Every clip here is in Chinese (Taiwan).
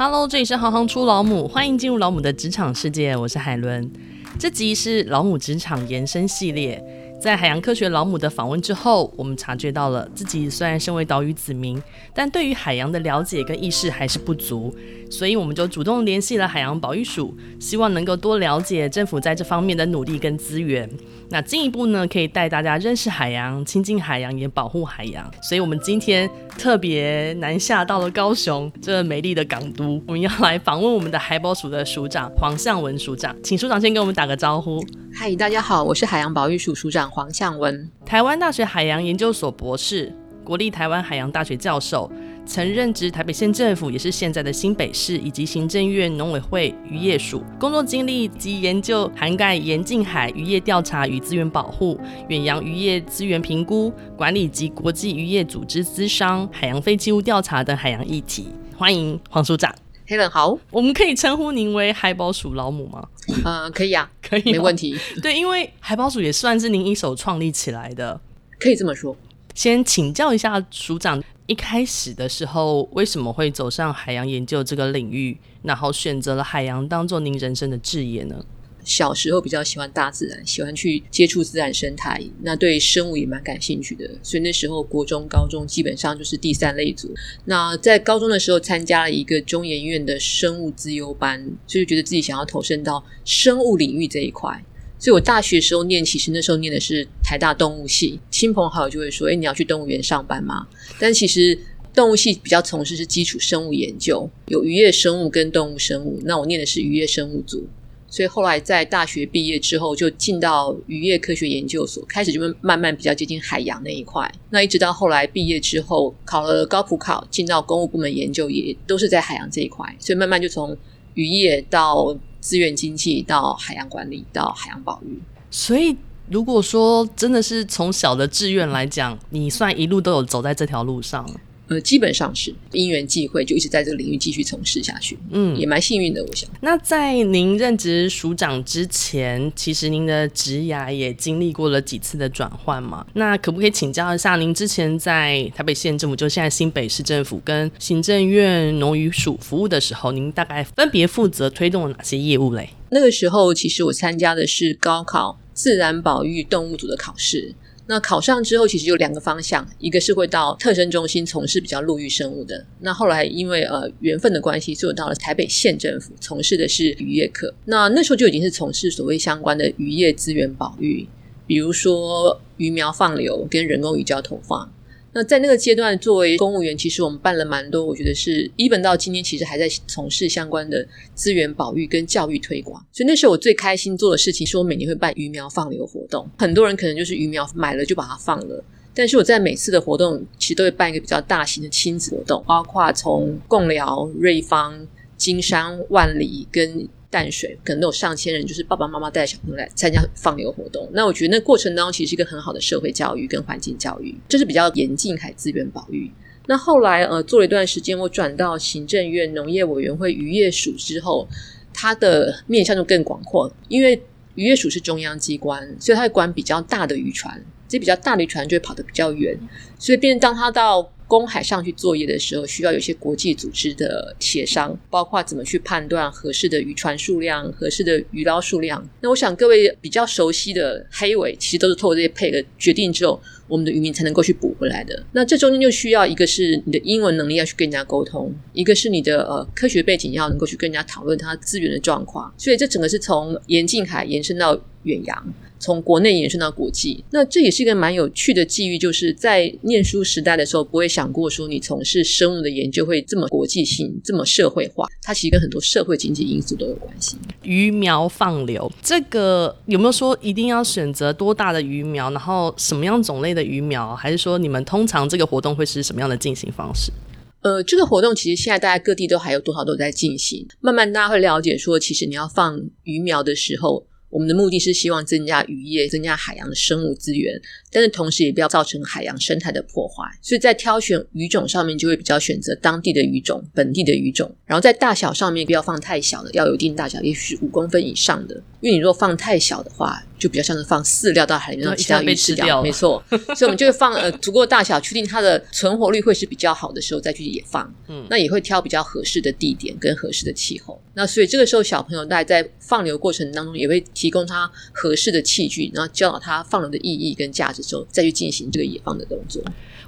Hello，這裡是行行出老母，歡迎進入老母的職場世界。我是海倫，這集是老母職場延伸系列。在海洋科學老母的訪問之後，我們察覺到了自己雖然身為島嶼子民，但對於海洋的了解跟意識還是不足。所以我們就主動聯繫了海洋保育署，希望能夠多了解政府在這方面的努力跟資源。那進一步呢，可以帶大家認識海洋、親近海洋，也保護海洋。所以我們今天特別南下到了高雄這美麗的港都，我們要來訪問我們的海保署的署長黃向文署長，請署長先跟我們打個招呼。嗨，大家好，我是海洋保育署署長黃向文，台灣大學海洋研究所博士，國立台灣海洋大學教授。曾任職台北縣政府，也是現在的新北市以及行政院農委會漁業署，工作經歷及研究涵蓋沿近海漁業調查與資源保護、遠洋漁業資源評估管理及國際漁業組織諮商、海洋廢棄物調查等海洋議題。歡迎黃署長，Hello，好，我們可以稱呼您為海保署老母嗎？嗯、呃，可以啊， 可以嗎，沒問題。 對，因為海保署也算是您一手創立起來的，可以這麼說。先請教一下署長。一開始的時候，為什麼會走上海洋研究這個領域，然後選擇了海洋當作您人生的志業呢？小時候比較喜歡大自然，喜歡去接觸自然生態，那對生物也蠻感興趣的。所以那時候國中、高中基本上就是第三類組。那在高中的時候，參加了一個中研院的生物資優班，所以覺得自己想要投身到生物領域這一塊。所以，我大學時候念，其實那時候念的是台大動物系，親朋好友就會說：“哎、欸，你要去動物園上班嗎？”但其實動物系比較從事是基礎生物研究，有漁業生物跟動物生物。那我念的是漁業生物組，所以後來在大學畢業之後就進到漁業科學研究所，開始就會慢慢比較接近海洋那一塊。那一直到後來畢業之後，考了高普考，進到公務部門研究，也都是在海洋這一塊，所以慢慢就從。漁業到資源經濟，到海洋管理，到海洋保育。所以，如果說真的是從小的志願來講，你算一路都有走在這條路上？呃，基本上是因緣際會，就一直在這個領域繼續從事下去，嗯，也蠻幸運的，我想。那在您任職署長之前，其實您的職涯也經歷過了幾次的轉換嘛？那可不可以請教一下，您之前在台北縣政府，就現在新北市政府跟行政院農漁署服務的時候，您大概分別負責推動了哪些業務咧？那個時候，其實我參加的是高考自然保育動物組的考試。那考上之後，其實有兩個方向，一個是會到特生中心從事比較陸域生物的。那後來因為呃緣分的關係，就到了台北縣政府，從事的是漁業課。那那時候就已經是從事所謂相關的漁業資源保育，比如說魚苗放流跟人工魚礁投放。那在那個階段，作為公務員，其實我們辦了蠻多。我覺得是 even 到今天，其實還在從事相關的資源保育跟教育推廣。所以那時候我最開心做的事情，是我每年會辦魚苗放流活動。很多人可能就是魚苗買了就把它放了，但是我在每次的活動，其實都會辦一個比較大型的親子活動，包括從貢寮、瑞芳、金山、萬里跟。淡水可能都有上千人，就是爸爸媽媽帶着小朋友來參加放流活動。那我覺得那個過程當中其實是一個很好的社會教育跟環境教育，這、就是比較沿近海資源保育。那後來呃做了一段時間，我轉到行政院農業委員會漁業署之後，它的面向就更廣闊，因為漁業署是中央機關，所以它會管比較大的漁船，這比較大的漁船就會跑得比較遠，所以變成當他到。公海上去作業的時候，需要有一些國際組織的協商，包括怎麼去判斷合適的漁船數量、合適的魚撈數量。那我想各位比較熟悉的黑鮪，其實都是透過這些配額決定之後，我們的漁民才能夠去捕回來的。那這中間就需要一個是你的英文能力要去跟人家溝通，一個是你的呃科學背景要能夠去跟人家討論它資源的狀況。所以這整個是從沿近海延伸到遠洋。從國內延伸到國際，那這也是一個蠻有趣的際遇。就是在念書時代的時候，不會想過說你從事生物的研究會這麼國際性、這麼社會化。它其實跟很多社會經濟因素都有關係。魚苗放流，這個有沒有說一定要選擇多大的魚苗，然後什麼樣種類的魚苗？還是說你們通常這個活動會是什麼樣的進行方式？呃，這個活動其實現在大家各地都還有多少都在進行。慢慢大家會了解說，其實你要放魚苗的時候。我們的目的是希望增加漁業，增加海洋的生物資源，但是同時也不要造成海洋生態的破壞，所以在挑選魚種上面，就會比較選擇當地的魚種、本地的魚種，然後在大小上面不要放太小的，要有一定大小，也許是五公分以上的。因為你如果放太小的話，就比較像是放飼料到海裡面，然後其他魚吃掉，吃掉了。沒錯， 所以我們就會放呃足夠的大小，確定它的存活率會是比較好的時候再去野放。嗯，那也會挑比較合適的地點跟合適的氣候。那所以這個時候小朋友大概在放流過程當中，也會提供他合適的器具，然後教導他放流的意義跟價值之後，再去進行這個野放的動作。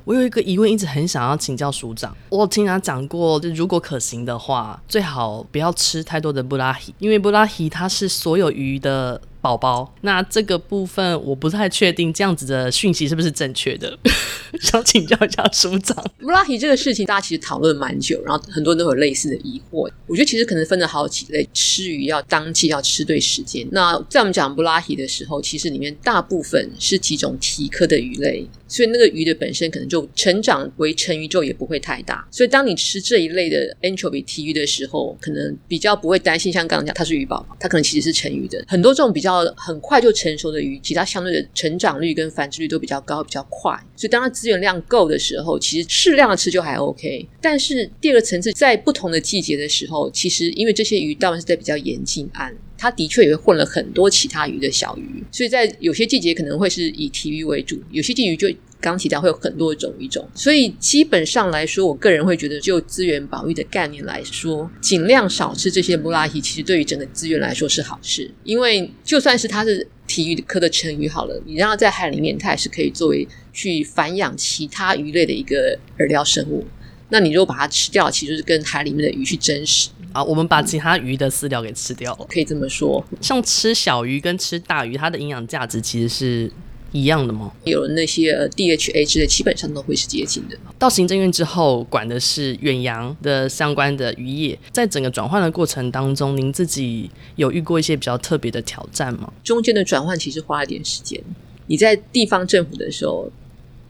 我有一個疑問，一直很想要請教署長。我聽他講過，就如果可行的話，最好不要吃太多的魩仔魚。因為魩仔魚，它是所有魚的寶寶。那這個部分我不太確定，這樣子的訊息是不是正確的？ 想請教一下署長，布拉提這個事情大家其實討論蠻久，然後很多人都有類似的疑惑。我覺得其實可能分了好幾類，吃魚要當季，要吃對時間。那在我們講布拉提的時候，其實裡面大部分是幾種鯷科的魚類，所以那個魚的本身可能就成長為成魚就也不會太大。所以當你吃這一類的 anchovy 鯷魚的時候，可能比較不會擔心，像剛剛講它是魚寶寶，它可能其實是成魚的。很多這種比較很快就成熟的魚，其實它相對的成長率跟繁殖率都比較高，比較快。所以當它資源量夠的時候，其實適量的吃就還 OK。但是第二個層次，在不同的季節的時候，其實因為這些魚當然是在比較沿近岸，它的確也混了很多其他魚的小魚，所以在有些季節可能會是以鯷魚為主，有些季魚就剛提到會有很多種魚種。所以基本上來說，我個人會覺得，就資源保育的概念來說，儘量少吃這些魩仔魚，其實對於整個資源來說是好事，因為就算是它是鯷魚科的成魚好了，你讓它在海裡面，它也是可以作為。去繁養其他魚類的一個餌料生物，那你如果把它吃掉，其實就是跟海裡面的魚去爭食啊。我們把其他魚的飼料給吃掉，嗯、可以這麼說。像吃小魚跟吃大魚，它的營養價值其實是一樣的嗎？有那些 DHA 之類，基本上都會是接近的。到行政院之後，管的是遠洋的相關的漁業，在整個轉換的過程當中，您自己有遇過一些比較特別的挑戰嗎？中間的轉換其實花了一點時間。你在地方政府的時候，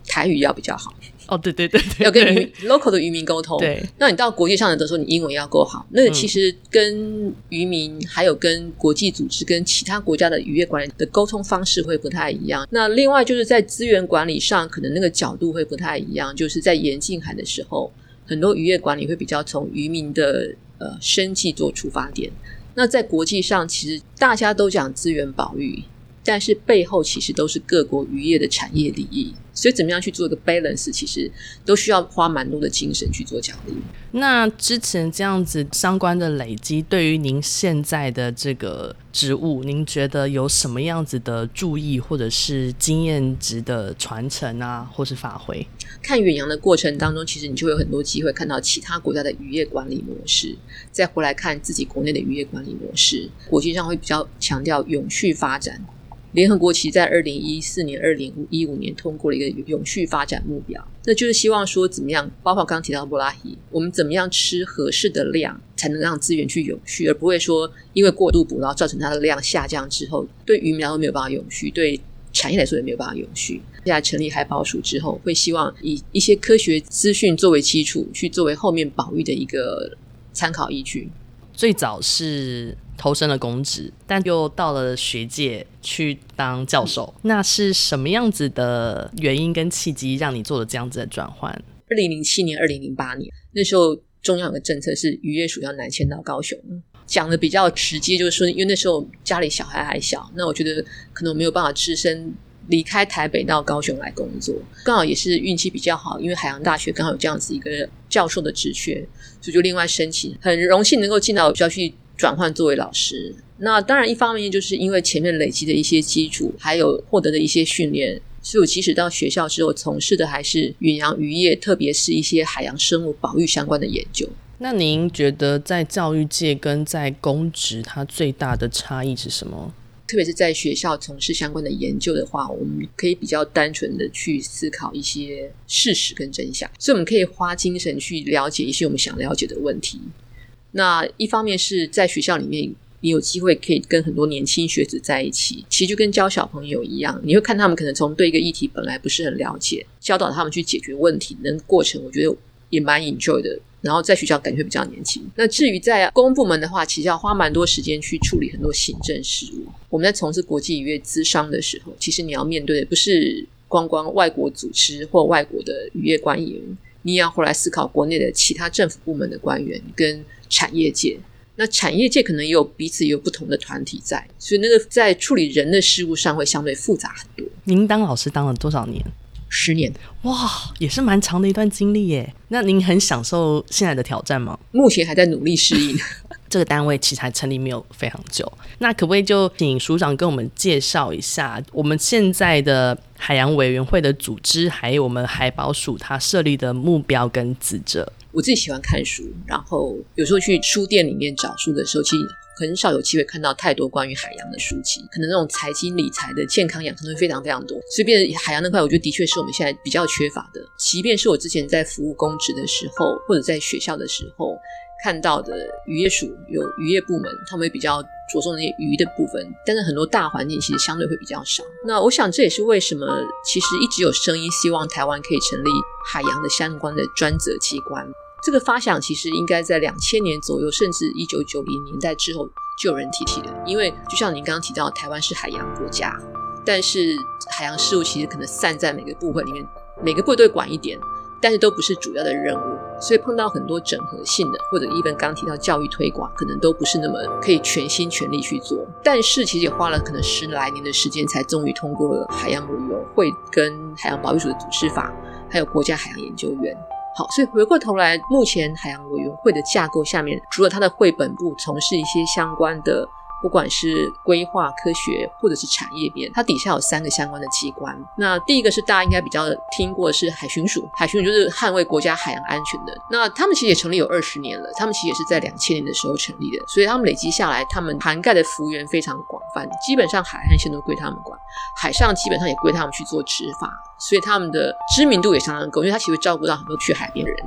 台語要比較好哦。對對對，對，要跟對對對 local 的漁民溝通。對，那你到國際上的時候，你英文要夠好。那其實跟漁民還有跟國際組織、跟其他國家的漁業管理的溝通方式會不太一樣。那另外就是在資源管理上，可能那個角度會不太一樣。就是在沿近海的時候，很多漁業管理會比較從漁民的呃生計做出發點。那在國際上，其實大家都講資源保育。但是背後其實都是各國漁業的產業利益，所以怎麼樣去做一個 balance，其實都需要花蠻多的精神去做獎勵。那之前這樣子相關的累積，對於您現在的這個職務，您覺得有什麼樣子的注意或者是經驗值的傳承啊，或是發揮？看遠洋的過程當中，其實你就會有很多機會看到其他國家的漁業管理模式，再回來看自己國內的漁業管理模式。國際上會比較強調永續發展。聯合國其實在二零一四年、二零一五年通過了一個永續發展目標，那就是希望說怎麼樣，包括剛剛提到的布拉希，我們怎麼樣吃合適的量，才能讓資源去永續，而不會說因為過度捕撈造成它的量下降之後，對魚苗都沒有辦法永續，對產業來說也沒有辦法永續。現在成立海保署之後，會希望以一些科學資訊作為基礎，去作為後面保育的一個參考依據。最早是投身了公職，但又到了學界。去當教授，那是什麼樣子的原因跟契機，讓你做了這樣子的轉換？二零零七年、二零零八年那時候，中央有個政策是漁業署要南遷到高雄。講得比較直接，就是說，因為那時候家裡小孩還小，那我覺得可能我沒有辦法只身離開台北到高雄來工作。剛好也是運氣比較好，因為海洋大學剛好有這樣子一個教授的職缺，所以就另外申請。很榮幸能夠進到學校去轉換作為老師。那當然，一方面就是因為前面累積的一些基礎，還有獲得的一些訓練，所以我其實到學校之後從事的還是遠洋漁業，特別是一些海洋生物保育相關的研究。那您覺得在教育界跟在公職，它最大的差異是什麼？特別是在學校從事相關的研究的話，我們可以比較單純的去思考一些事實跟真相，所以我們可以花精神去了解一些我們想了解的問題。那一方面是在學校裡面。你有機會可以跟很多年輕學子在一起，其實就跟教小朋友一樣，你會看他們可能從對一個議題本來不是很了解，教導他們去解決問題，那過程我覺得也蠻 enjoy 的。然後在學校感覺比較年輕。那至於在公部門的話，其實要花蠻多時間去處理很多行政事務。我們在從事國際漁業諮商的時候，其實你要面對的不是光光外國組織或外國的漁業官員，你也要回來思考國內的其他政府部門的官員跟產業界。那產業界可能也有彼此有不同的團體在，所以那個在處理人的事務上會相對複雜很多。您當老師當了多少年？十年，哇，也是蠻長的一段經歷耶。那您很享受現在的挑戰嗎？目前還在努力適應 這個單位，其實還成立沒有非常久。那可不可以就請署長跟我們介紹一下我們現在的？海洋委員會的組織，還有我們海保署，它設立的目標跟職責。我自己喜歡看書，然後有時候去書店裡面找書的時候，其實很少有機會看到太多關於海洋的書籍。可能那種財經、理財的、健康養生的非常非常多，所以，隨便海洋那塊，我覺得的確是我們現在比較缺乏的。即便是我之前在服務公職的時候，或者在學校的時候看到的漁業署有漁業部門，他們比較着重那些魚的部分，但是很多大環境其實相對會比較少。那我想這也是為什麼，其實一直有聲音希望台灣可以成立海洋的相關的專責機關。這個發想其實應該在兩千年左右，甚至一九九零年代之後就有人提起了。因為就像您剛剛提到，台灣是海洋國家，但是海洋事務其實可能散在每個部分裡面，每個部會管一點。但是都不是主要的任務，所以碰到很多整合性的，或者 even 剛提到教育推廣，可能都不是那麼可以全心全力去做。但是其實也花了可能十來年的時間，才終於通過了海洋委員會跟海洋保育署的組織法，還有國家海洋研究院。好，所以回過頭來，目前海洋委員會的架構下面，除了它的繪本部從事一些相關的，不管是規劃、科學，或者是產業面，它底下有三個相關的機關。那第一個是大家應該比較聽過的是海巡署。海巡署就是捍衛國家海洋安全的。那他們其實也成立有二十年了，他們其實也是在兩千年的時候成立的。所以他們累積下來，他們涵蓋的幅員非常廣泛，基本上海岸線都歸他們管，海上基本上也歸他們去做執法。所以他們的知名度也相當高，因為他其實照顧到很多去海邊的人。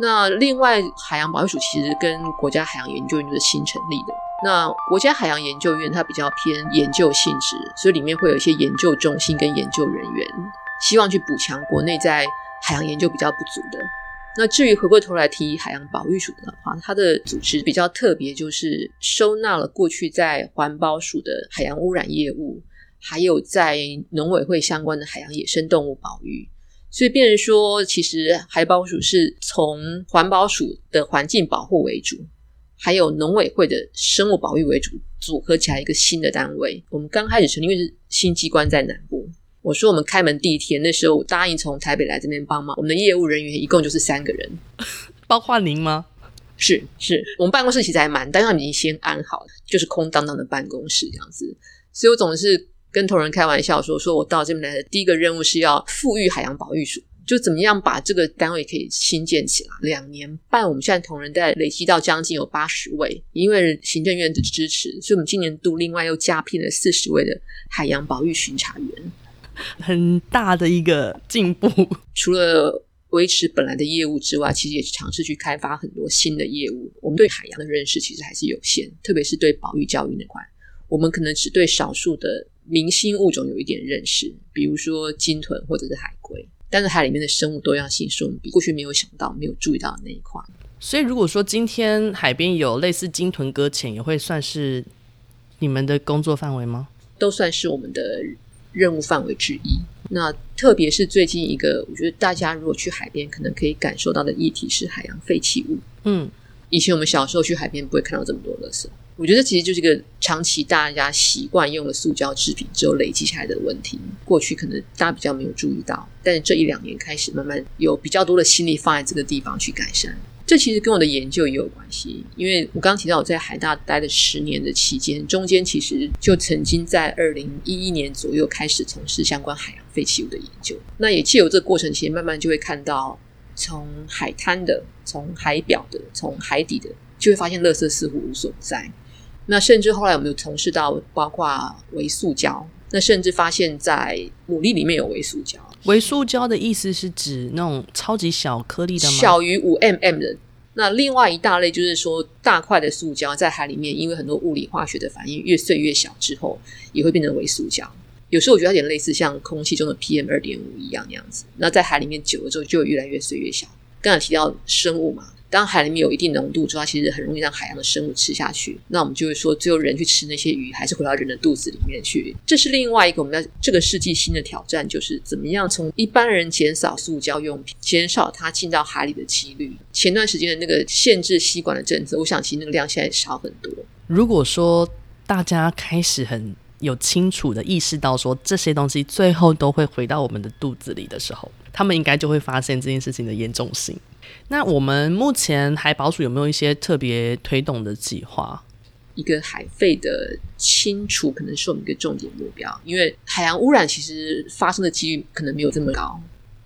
那另外，海洋保育署其實跟國家海洋研究院就是新成立的。那國家海洋研究院它比較偏研究性質，所以裡面會有一些研究中心跟研究人員，希望去補強國內在海洋研究比較不足的。那至於回過頭來提海洋保育署的話，它的組織比較特別，就是收納了過去在環保署的海洋污染業務，還有在農委會相關的海洋野生動物保育，所以變成說其實海保署是從環保署的環境保護為主。還有農委會的生物保育為主，組合起來一個新的單位。我們剛開始成立，因為是新機關在南部。我說我們開門第一天，那時候我答應從台北來這邊幫忙，我們的業務人員一共就是三個人，包括您嗎？是，是我們辦公室其實還蠻大，但他們已經先安好了，就是空蕩蕩的辦公室這樣子。所以我總是跟同仁開玩笑說，說我到這邊來的第一個任務是要富裕海洋保育署。就怎麼樣把這個單位可以新建起來？兩年半，我們現在同仁在累積到將近有八十位，因為行政院的支持，所以我們今年度另外又加聘了四十位的海洋保育巡查員，很大的一個進步。除了維持本來的業務之外，其實也是嘗試去開發很多新的業務。我們對海洋的認識其實還是有限，特別是對保育教育那塊，我們可能只對少數的明星物種有一點認識，比如說鯨豚或者是海龜。但是海裡面的生物多樣性是我們過去沒有想到、沒有注意到的那一塊。所以，如果說今天海邊有類似鯨豚擱淺，也會算是你們的工作範圍嗎？都算是我們的任務範圍之一。那特別是最近一個，我覺得大家如果去海邊，可能可以感受到的議題是海洋廢棄物。嗯，以前我們小時候去海邊不會看到這麼多的垃圾。我覺得這其實就是一個長期大家習慣用的塑膠制品之後累積下來的問題。過去可能大家比較沒有注意到，但是這一兩年開始慢慢有比較多的心力放在這個地方去改善。這其實跟我的研究也有關係，因為我剛剛提到我在海大待了十年的期間，中間其實就曾經在二零一一年左右開始從事相關海洋廢棄物的研究。那也借由這個過程，其實慢慢就會看到從海灘的、從海表的、從海底的，就會發現垃圾似乎無所不在。那甚至後來我們就從事到包括微塑膠。那甚至發現在牡蠣裡面有微塑膠。微塑膠的意思是指那種超級小顆粒的嗎？小於五 mm 的。那另外一大類就是說，大塊的塑膠在海裡面，因為很多物理化學的反應，越碎越小之後，也會變成微塑膠。有時候我覺得有點類似像空氣中的 PM 二點五一樣那樣子。那在海裡面久了之後，就越來越碎越小。剛才提到生物嘛。當海裡面有一定濃度之後，它其實很容易讓海洋的生物吃下去。那我們就會說，只有人去吃那些魚，還是回到人的肚子裡面去。這是另外一個我們在這個世紀新的挑戰，就是怎麼樣從一般人減少塑膠用品，減少它進到海裡的幾率。前段時間的那個限制吸管的政策，我想其實那個量現在少很多。如果說大家開始很有清楚的意識到說，這些東西最後都會回到我們的肚子裡的時候，他們應該就會發現這件事情的嚴重性。那我們目前海保署有沒有一些特別推動的計劃？一個海廢的清除可能是我們一個重點目標，因為海洋污染其實發生的幾率可能沒有這麼高。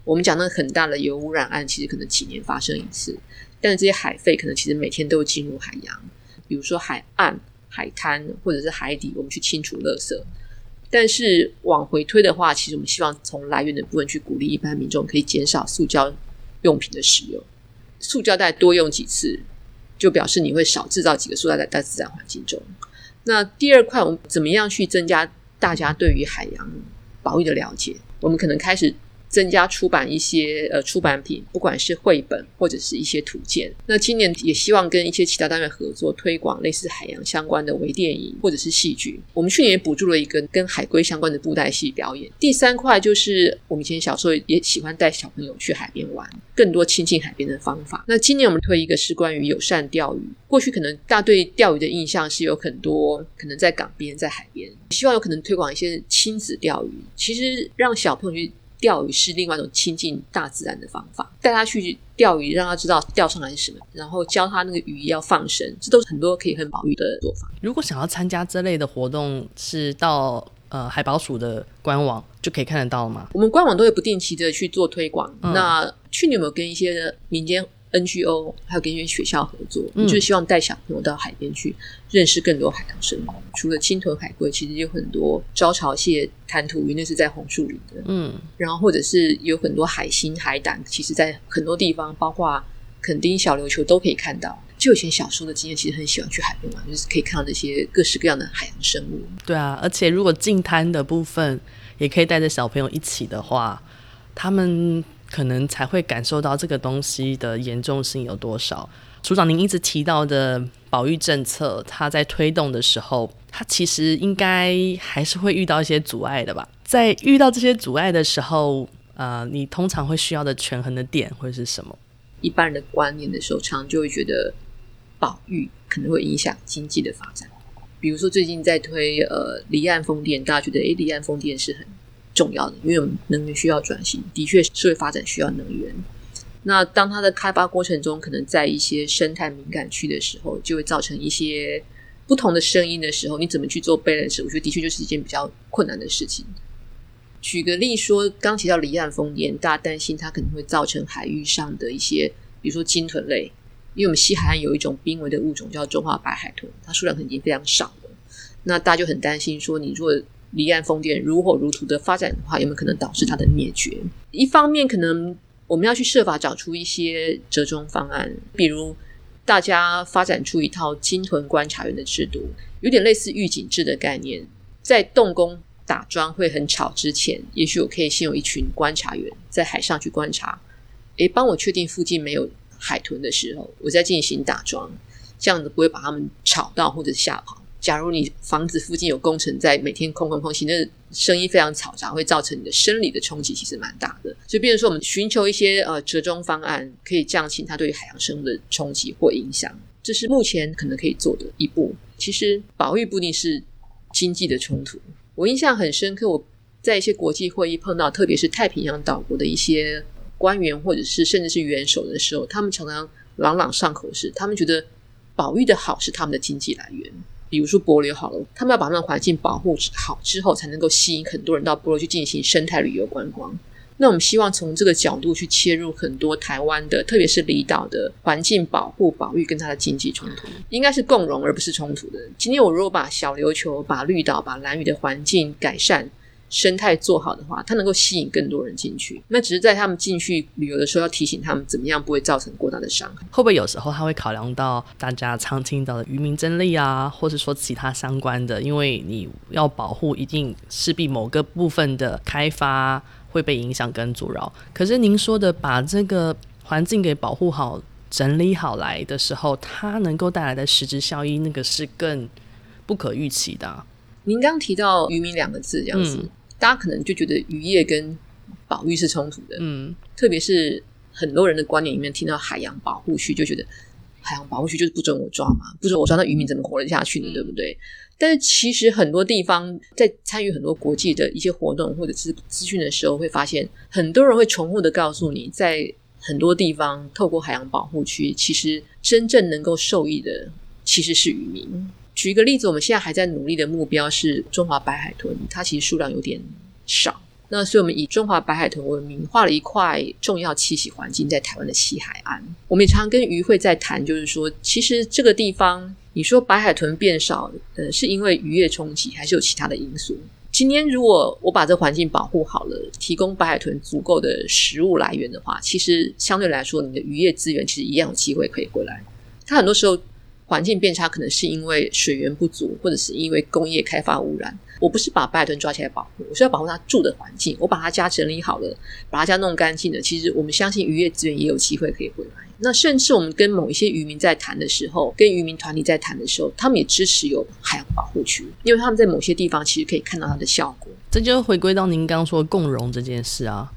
我們講那個很大的油污染案，其實可能幾年發生一次，但這些海廢可能其實每天都進入海洋，比如說海岸、海灘或者是海底，我們去清除垃圾。但是往回推的話，其實我們希望從來源的部分去鼓勵一般民眾可以減少塑膠用品的使用。塑膠袋多用幾次，就表示你會少制造幾個塑膠袋在自然環境中。那第二塊，我們怎麼樣去增加大家對於海洋保育的了解？我們可能開始。增加出版一些呃出版品，不管是繪本或者是一些圖鑑。那今年也希望跟一些其他單位合作，推廣類似海洋相關的微電影或者是戲劇。我們去年也補助了一個跟海龜相關的布袋戲表演。第三塊就是我們以前小時候也喜歡帶小朋友去海邊玩，更多親近海邊的方法。那今年我們推一個是關於友善釣魚。過去可能大家對釣魚的印象是有很多可能在港邊、在海邊，希望有可能推廣一些親子釣魚。其實讓小朋友去。釣魚是另外一種親近大自然的方法，帶他去釣魚，讓他知道釣上來是什麼，然後教他那個魚要放生，這都是很多可以很保育的做法。如果想要參加這類的活動，是到呃海保署的官網就可以看得到了嗎？我們官網都會不定期的去做推廣。嗯、那去年有沒有跟一些民間？NGO 還有跟一些學校合作，嗯、就是希望帶小朋友到海邊去認識更多海洋生物。除了鯨豚、海龜，其實有很多招潮蟹、彈塗魚，那是在紅樹林的。嗯，然後或者是有很多海星、海膽，其實在很多地方，包括墾丁、小琉球都可以看到。就以前小時候的經驗，其實很喜歡去海邊玩，就是可以看到那些各式各樣的海洋生物。對啊，而且如果淨灘的部分也可以帶着小朋友一起的話，他們。可能才會感受到這個東西的嚴重性有多少。署長，您一直提到的保育政策，它在推動的時候，它其實應該還是會遇到一些阻礙的吧？在遇到這些阻礙的時候，呃，你通常會需要的權衡的點會是什麼？一般人的觀念的時候，常常就會覺得保育可能會影響經濟的發展，比如說最近在推呃離岸風電，大家覺得誒，離岸風電是很。重要的，因為我們能源需要轉型，的確，社會發展需要能源。那當它的開發過程中，可能在一些生態敏感區的時候，就會造成一些不同的聲音的時候，你怎麼去做 balance？我覺得的確就是一件比較困難的事情。舉個例說，剛提到離岸風電，大家擔心它可能會造成海域上的一些，比如說鯨豚類，因為我們西海岸有一種瀕危的物種叫中華白海豚，它數量肯定非常少的。那大家就很擔心說，你如果離岸風電如火如荼的發展的話，有沒有可能導致它的滅絕？一方面，可能我們要去設法找出一些折衷方案，比如大家發展出一套鯨豚觀察員的制度，有點類似預警制的概念。在動工打樁會很吵之前，也許我可以先有一群觀察員在海上去觀察，誒，幫我確定附近沒有海豚的時候，我再進行打樁，這樣子不會把他們吵到或者嚇跑。假如你房子附近有工程在每天空空空襲，那聲音非常嘈雜，會造成你的生理的衝擊，其實蠻大的。所以，變成說，我們尋求一些呃折衷方案，可以減輕它對於海洋生物的衝擊或影響，這是目前可能可以做的一步。其實，保育不一定是經濟的衝突。我印象很深刻，我在一些國際會議碰到，特別是太平洋島國的一些官員或者是甚至是元首的時候，他們常常朗朗上口是，他們覺得保育的好是他們的經濟來源。比如說帛琉好了，他們要把那環境保護好之後，才能夠吸引很多人到帛琉去進行生態旅遊觀光。那我們希望從這個角度去切入很多台灣的，特別是離島的環境保護保育跟它的經濟衝突，應該是共融而不是衝突的。今天我如果把小琉球、把綠島、把蘭嶼的環境改善，生態做好的話，它能夠吸引更多人進去。那只是在他們進去旅遊的時候，要提醒他們怎麼樣不會造成過大的傷害。會不會有時候他會考量到大家常聽到的漁民爭利啊，或是說其他相關的？因為你要保護，一定勢必某個部分的開發會被影響跟阻撓。可是您說的把這個環境給保護好、整理好來的時候，它能夠帶來的實質效益，那個是更不可預期的。您剛提到漁民兩個字，這樣子。嗯大家可能就覺得漁業跟保育是衝突的，嗯，特別是很多人的觀念裡面聽到海洋保護區，就覺得海洋保護區就是不准我抓嘛，不准我抓，那漁民怎麼活得下去呢，對不對？但是其實很多地方在參與很多國際的一些活動或者是資，資訊的時候，會發現很多人會重複的告訴你，在很多地方透過海洋保護區，其實真正能夠受益的其實是漁民。舉一個例子，我們現在還在努力的目標是中華白海豚，它其實數量有點少。那所以，我們以中華白海豚為名，畫了一塊重要棲息環境在台灣的西海岸。我們也常常跟漁會在談，就是說，其實這個地方，你說白海豚變少，呃，是因為漁業衝擊，還是有其他的因素？今天如果我把這環境保護好了，提供白海豚足夠的食物來源的話，其實相對來說，你的漁業資源其實一樣有機會可以過來。它很多時候。環境變差可能是因為水源不足，或者是因為工業開發污染。我不是把白海豚抓起來保護，我是要保護他住的環境。我把他家整理好了，把他家弄乾淨了。其實我們相信漁業資源也有機會可以回來。那甚至我們跟某一些漁民在談的時候，跟漁民團體在談的時候，他們也支持有海洋保護區，因為他們在某些地方其實可以看到它的效果。這就回歸到您剛剛說共融這件事啊。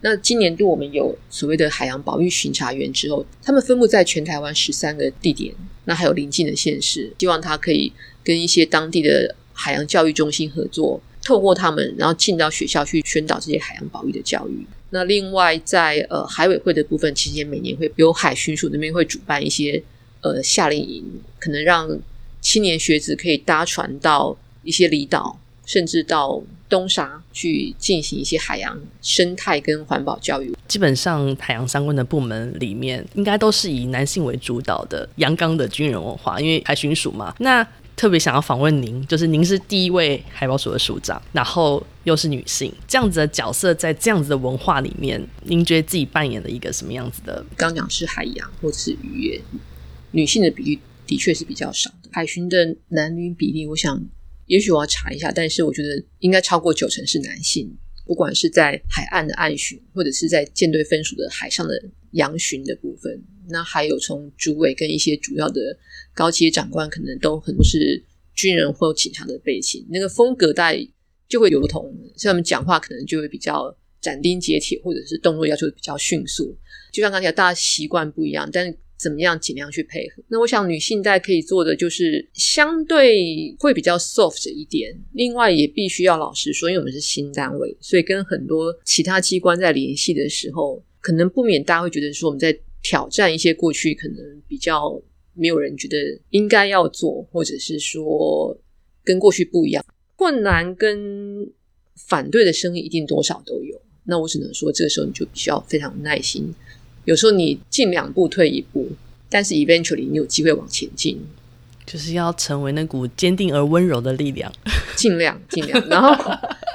那今年度我們有所謂的海洋保育巡查員之後，他們分布在全台灣十三個地點，那還有鄰近的縣市，希望他可以跟一些當地的海洋教育中心合作，透過他們，然後進到學校去宣導這些海洋保育的教育。那另外在呃海委會的部分，期間每年會有海巡署那邊會主辦一些呃夏令營，可能讓青年學子可以搭船到一些離島，甚至到東沙去進行一些海洋生態跟環保教育。基本上海洋相關的部門裡面，應該都是以男性為主導的陽剛的軍人文化，因為海巡署嘛。那特別想要訪問您，就是您是第一位海保署的署長，然後又是女性，這樣子的角色在這樣子的文化裡面，您覺得自己扮演了一個什麼樣子的？剛講是海洋或是漁業，女性的比例的確是比較少的。海巡的男女比例，我想，也許我要查一下，但是我覺得應該超過九成是男性，不管是在海岸的岸巡，或者是在艦隊分署的海上的洋巡的部分，那還有從主委跟一些主要的高階長官，可能都很多是軍人或警察的背景，那個風格大概就會有不同，像他們講話可能就會比較斬釘截鐵，或者是動作要求比較迅速，就像剛才大家習慣不一樣，但是。怎麼樣盡量去配合？那我想女性在可以做的就是相對會比較 soft 一點。另外也必須要老實說，因為我們是新單位，所以跟很多其他機關在聯繫的時候，可能不免大家會覺得說我們在挑戰一些過去可能比較沒有人覺得應該要做，或者是說跟過去不一樣，困難跟反對的聲音一定多少都有。那我只能說，這個時候你就需要非常耐心。有時候你進兩步退一步，但是 eventually 你有機會往前進，就是要成為那股堅定而溫柔的力量， 盡量盡量。然後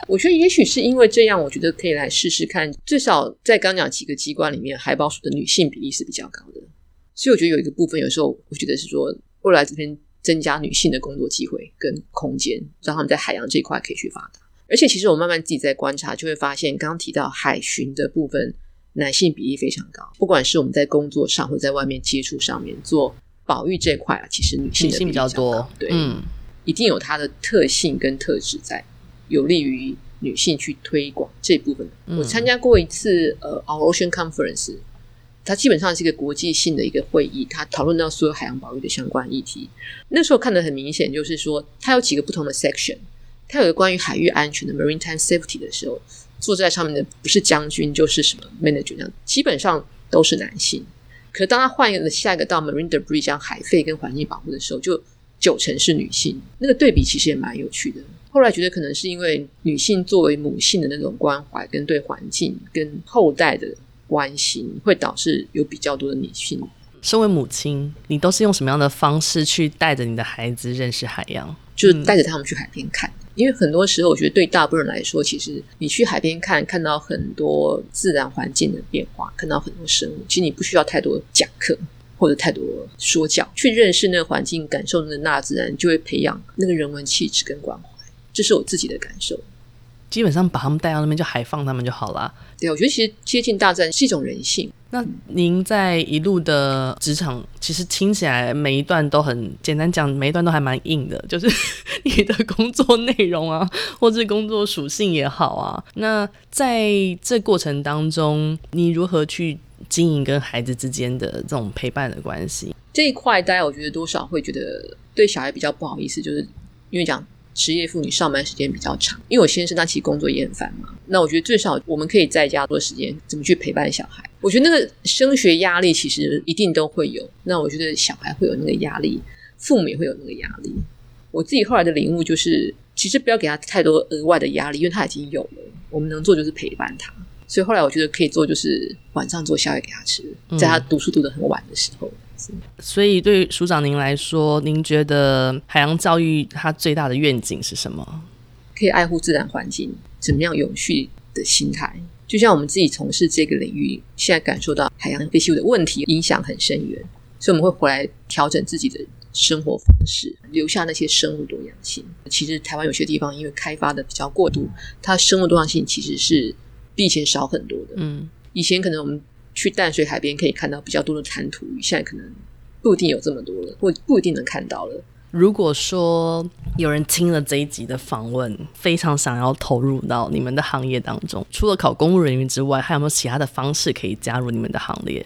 我覺得也許是因為這樣，我覺得可以來試試看。至少在剛、剛講幾個機關裡面，海保署的女性比例是比較高的，所以我覺得有一個部分，有時候我覺得是說，未來這邊增加女性的工作機會跟空間，讓他們在海洋這一塊可以去發達。而且其實我慢慢自己在觀察，就會發現剛、剛提到海巡的部分。男性比例非常高，不管是我們在工作上，或者在外面接觸上面做保育這塊啊，其實女性的比較，比較多。對，嗯，一定有它的特性跟特質在，有利於女性去推廣這部分。嗯，我參加過一次呃，Our Ocean Conference，它基本上是一個國際性的一個會議，它討論到所有海洋保育的相關議題。那時候看得很明顯，就是說它有幾個不同的 section，它有關於海域安全的 maritime safety 的時候。坐在上面的不是將軍，就是什麼 manager，這樣基本上都是男性。可當他換一個下一個到 Marine Debris，講海廢跟環境保護的時候，就九成是女性。那個對比其實也蠻有趣的。後來覺得可能是因為女性作為母性的那種關懷跟對環境跟後代的關心，會導致有比較多的女性。身為母親，你都是用什麼樣的方式去帶着你的孩子認識海洋？就是帶着他們去海邊看，嗯，因為很多時候我覺得對大部分人來說，其實你去海邊看，看到很多自然環境的變化，看到很多生物，其實你不需要太多講課或者太多說教，去認識那個環境，感受那個大自然，就會培養那個人文氣質跟關懷。這是我自己的感受。基本上把他們帶到那邊就海放他們就好啦。對，我覺得其實接近大自然是一種人性。那您在一路的職場，其實聽起來每一段都很簡單講，講每一段都還蠻硬的，就是你的工作內容啊，或是工作屬性也好啊。那在這過程當中，你如何去經營跟孩子之間的這種陪伴的關係？這一塊，大家我覺得多少會覺得對小孩比較不好意思，就是因為講職業婦女上班時間比較長，因為我先生他其實工作也很煩嘛，那我覺得最少我們可以在家多的時間，怎麼去陪伴小孩？我覺得那個升學壓力其實一定都會有。那我覺得小孩會有那個壓力，父母也會有那個壓力。我自己後來的領悟就是，其實不要給他太多額外的壓力，因為他已經有了。我們能做就是陪伴他。所以後來我覺得可以做就是晚上做宵夜給他吃，在他讀書讀得很晚的時候。嗯、是所以對於署長您來說，您覺得海洋教育他最大的願景是什麼？可以愛護自然環境，怎麼樣永續的心態？就像我們自己從事這個領域，現在感受到海洋廢棄物的問題影響很深遠，所以我們會回來調整自己的生活方式，留下那些生物多樣性。其實台灣有些地方因為開發的比較過度，它生物多樣性其實是比以前少很多的。嗯，以前可能我們去淡水海邊可以看到比較多的彈塗魚，現在可能不一定有這麼多了，或不一定能看到了。如果說有人聽了這一集的訪問，非常想要投入到你們的行業當中，除了考公務人員之外，還有沒有其他的方式可以加入你們的行列？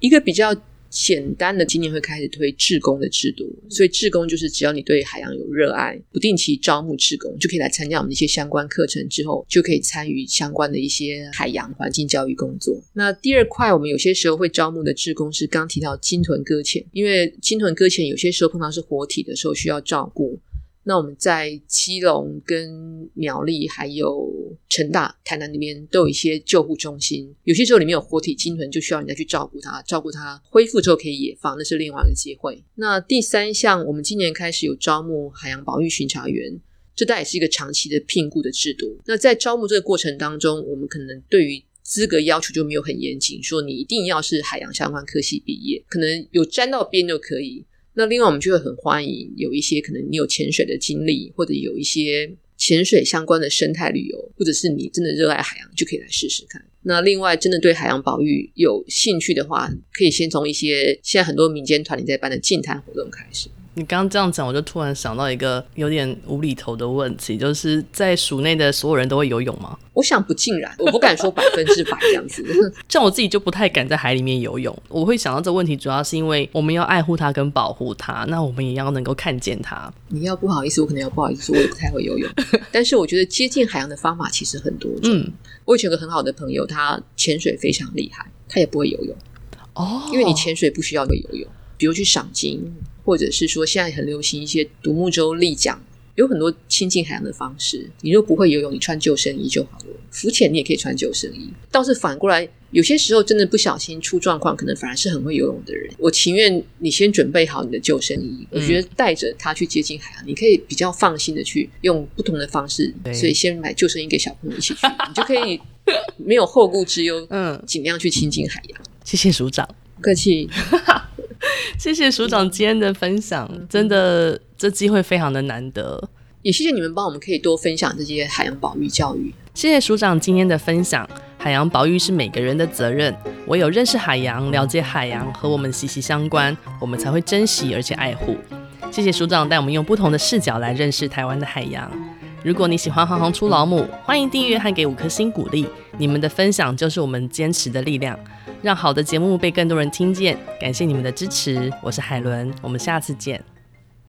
一個比較。簡單的，今年會開始推志工的制度，所以志工就是只要你對海洋有熱愛，不定期招募志工就可以來參加我們的一些相關課程之後，就可以參與相關的一些海洋環境教育工作。那第二塊我們有些時候會招募的志工是剛提到鯨豚擱淺，因為鯨豚擱淺有些時候碰到是活體的時候需要照顧。那我們在基隆、跟苗栗、還有成大、台南那邊都有一些救護中心，有些時候裡面有活體鯨豚，就需要人家去照顧它，照顧它恢復之後可以野放，那是另外一個機會。那第三項，我們今年開始有招募海洋保育巡查員，這倒也是一個長期的聘僱的制度。那在招募這個過程當中，我們可能對於資格要求就沒有很嚴謹，說你一定要是海洋相關科系畢業，可能有沾到邊就可以。那另外，我們就會很歡迎有一些可能你有潛水的經歷，或者有一些潛水相關的生態旅遊，或者是你真的熱愛海洋，就可以來試試看。那另外，真的對海洋保育有興趣的話，可以先從一些現在很多民間團體在辦的淨灘活動開始。你剛剛這樣講，我就突然想到一個有點無厘頭的問題，就是在署內的所有人都會游泳嗎？我想不盡然，我不敢說百分之百這樣子。像 我自己就不太敢在海裡面游泳，我會想到這問題，主要是因為我們要愛護它跟保護它，那我們也要能夠看見它。你要不好意思，我可能要不好意思，我也不太會游泳。 但是我覺得接近海洋的方法其實很多。嗯，我以前有個很好的朋友，他潛水非常厲害，他也不會游泳哦，因為你潛水不需要會游泳，比如去賞鯨。或者是說，現在很流行一些獨木舟、立槳，有很多親近海洋的方式。你如果不會游泳，你穿救生衣就好了。浮潛你也可以穿救生衣。倒是反過來，有些時候真的不小心出狀況，可能反而是很會游泳的人。我情願你先準備好你的救生衣，我覺得帶着它去接近海洋，你可以比較放心的去用不同的方式。所以先買救生衣給小朋友一起去，你就可以沒有後顧之憂。嗯，盡量去親近海洋、嗯。謝謝署長，客氣。謝謝署長今天的分享，真的，這機會非常的難得。也謝謝你們幫我們可以多分享這些海洋保育教育。謝謝署長今天的分享，海洋保育是每個人的責任。唯有認識海洋、了解海洋和我們息息相關，我們才會珍惜而且愛護。謝謝署長帶我們用不同的視角來認識台灣的海洋。如果你喜歡“行行出老母”，歡迎訂閱和給五顆星鼓勵。你們的分享就是我們堅持的力量。讓好的節目被更多人聽見，感謝你們的支持，我是海倫，我們下次見。